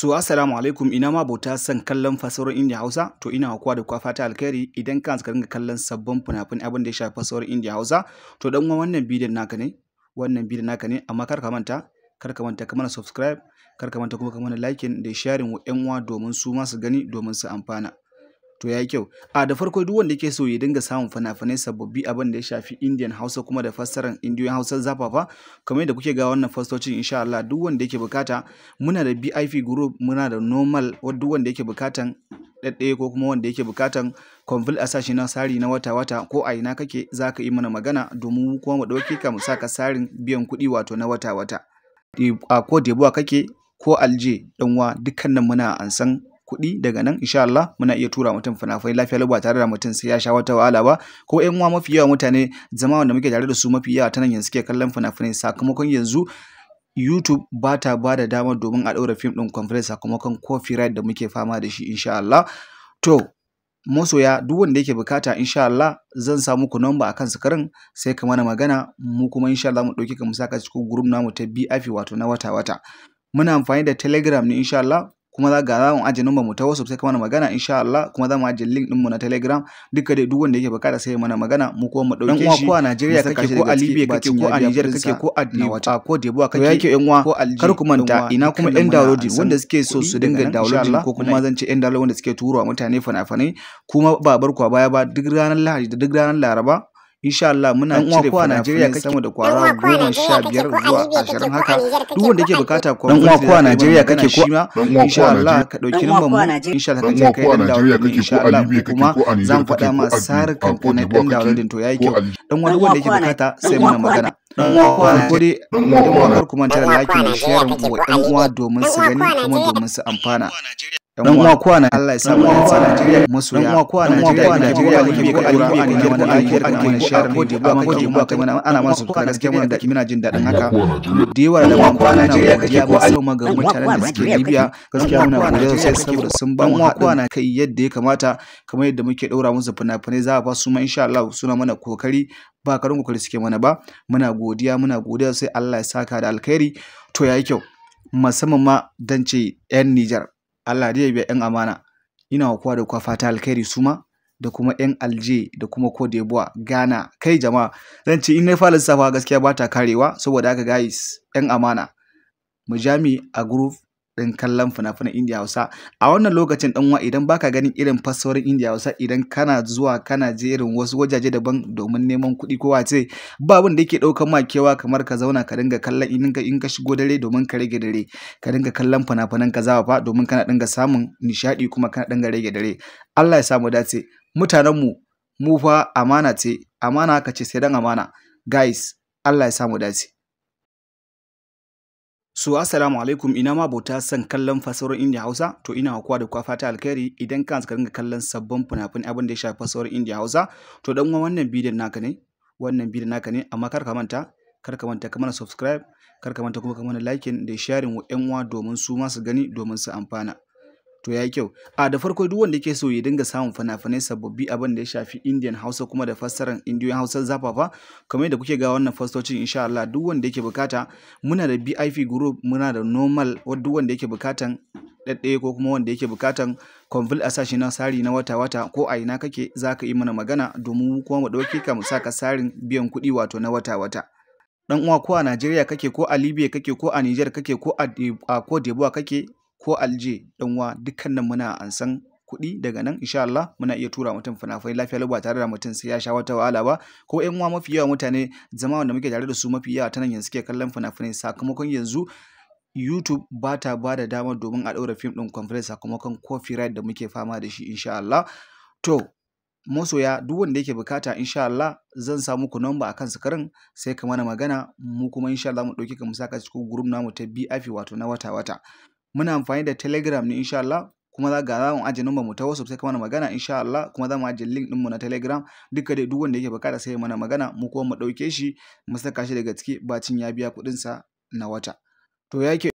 su asalamu alaikum ina ma bauta son kallon fasarar indiya Hausa to ina kowa da kwa ta alkhairi idan ka ka ringa kallon sabbin funafun abin da ya shafi fasarar India Hausa to dan uwa wannan bidiyon naka ne wannan bidiyon naka ne amma kar ka manta kar ka manta ka subscribe kar ka manta kuma ka like da sharing wa yan uwa domin su ma su gani domin su amfana to ya kyau a da farko duk wanda yake so ya dinga samun fina-finai sababbi abin da ya shafi indian hausa kuma da fassarar indiyoyin hausa zafafa kamar yadda kuke ga wannan fastocin insha Allah duk wanda yake bukata muna da bip group muna da normal duk wanda yake bukatan ɗaɗɗaya ko kuma wanda yake bukatan konfil a sashi na sari na wata-wata ko a ina kake za ka yi mana magana domin kuma mu ɗauke ka mu saka ka sarin biyan kuɗi wato na wata-wata a ko debuwa kake ko alje ɗanwa dukkan nan muna ansan kuɗi daga nan insha Allah muna iya tura mutum fina-finai lafiya lau ba tare da mutum sai ya sha wata wahala ba ko ƴan uwa mafi yawa mutane zama wanda muke tare da su mafi yawa ta nan yanzu suke kallon fina-finai sakamakon yanzu YouTube ba ta ba da dama domin a ɗaura fim ɗin kwamfilai sakamakon copyright da muke fama da shi insha Allah. To, masoya duk wanda yake bukata insha Allah zan sa muku namba akan sukarin sai ka mana magana mu kuma insha Allah mu ɗauki ka mu saka cikin gurum namu ta BIF wato na wata-wata. Muna amfani da Telegram ne insha Allah kuma za ga zamu aje number mu ta WhatsApp sai ka mana magana insha Allah kuma zamu aje link din mu na Telegram duka dai duk wanda yake bukata sai mana magana mu kuma mu dauke shi ko a Nigeria kake ko a Libya kake ko a Niger kake ko a Niwa ko Debuwa kake yake yan uwa kar ku manta ina kuma yan download wanda suke so su dinga download ko kuma zan ce yan download wanda suke wa mutane fana fane kuma ba barkwa baya ba duk ranar Lahadi da duk ranar Laraba insha Allah muna cire fina-finan sama da kwara goma sha biyar zuwa ashirin haka duk wanda ke bukata ko dan uwa ko a Najeriya kake ko insha Allah ka dauki nan mu insha Allah ka je kai dan dawo insha Allah kuma zan faɗa ma sarkan na dan dawo din to yayi kyau dan wani wanda ke bukata sai muna magana dan uwa ko a gode dan uwa kar ku manta da like da share wa dan uwa domin su gani kuma domin su amfana dan uwa kuwa na Allah ya samu ya tsara Najeriya uwa kuwa Najeriya ne ko alibi ne ko ba ko da ba mana ana masu gaske da muna jin dadin haka da yawa da kuwa ko ma mutanen da suke Libya gaskiya muna saboda sun kuwa na kai yadda ya kamata kamar yadda muke daura musu fina za a ba su ma insha Allah suna mana kokari ba karin kokari suke mana ba muna godiya muna godiya sai Allah ya saka da alkhairi to yayi kyau musamman ma dan ce 'yan Nijar Allah dai ya biya 'yan amana ina wa kowa da kowa fata alkhairi suma da kuma 'yan alje da kuma cote d'ivoire ghana kai jama'a zan ce in na fara lissafa gaskiya ba ta karewa saboda haka guys 'yan amana mu jami a group din kallon fina-finan indiya hausa a wannan lokacin ɗanwa idan baka ganin irin fassawarin indiya hausa idan kana zuwa kana je irin wasu wajaje daban domin neman kuɗi ko wace ba abin da yake ɗaukan ma kewa kamar ka zauna ka dinga kallon in ka shigo dare domin ka rage dare ka dinga kallon fina-finan ka zawa domin kana dinga samun nishaɗi kuma kana dinga rage dare Allah ya samu dace mutanenmu mu fa amana ce amana ka ce sai dan amana guys Allah ya samu dace Su asalamu alaikum ina ma bauta son kallon fasarar indiya Hausa to ina hakuwa da kwa fata alkhairi idan ka ka ringa kallon sabbin fina abin da ya shafi fasarar indiya Hausa to dan wannan bidiyon naka ne wannan bidiyon naka ne amma kar ka manta kar ka manta ka mana subscribe kar ka manta kuma ka mana like da sharing wa yan uwa domin su ma su gani domin su amfana to ya kyau a da farko duk wanda yake so ya dinga samun fina-finai sababbi abin da ya shafi indian hausa kuma da fassarar indiyoyin hausa zafafa kamar yadda kuke ga wannan fastocin insha Allah duk wanda yake bukata muna da bip group muna da normal duk wanda yake bukatan ɗaɗɗaya ko kuma wanda yake bukatan convil a sashi na sari na wata-wata ko a ina kake za ka yi mana magana domin kuma mu ɗauke ka mu saka sarin biyan kuɗi wato na wata-wata. dan uwa ko a Najeriya kake ko a Libya kake ko a Niger kake ko a Kodebuwa kake ko alje ɗanwa dukkanin muna san kuɗi daga nan insha Allah muna iya tura mutum fina-finai lafiya ba tare da mutum sai ya sha wata wahala ba ko ƴan uwa mafi yawa mutane zama wanda muke tare da su mafi yawa ta nan yanzu suke kallon fina-finai sakamakon yanzu YouTube ba ta ba da dama domin a ɗaura fim ɗin kwamfilai sakamakon copyright da muke fama da shi insha Allah. To, masoya duk wanda yake bukata insha Allah zan sa muku namba akan sukarin sai ka mana magana mu kuma insha Allah mu ɗauki ka mu cikin gurum namu ta BIF wato na wata-wata. muna amfani da telegram ne insha Allah kuma za ga zamu aje number mu ta WhatsApp sai ka magana insha Allah kuma zamu aje link din mu na Telegram duka dai duk wanda yake bukata sai mana magana mu kuma mu dauke shi mu saka shi daga ciki cin ya biya kuɗin sa na wata to yake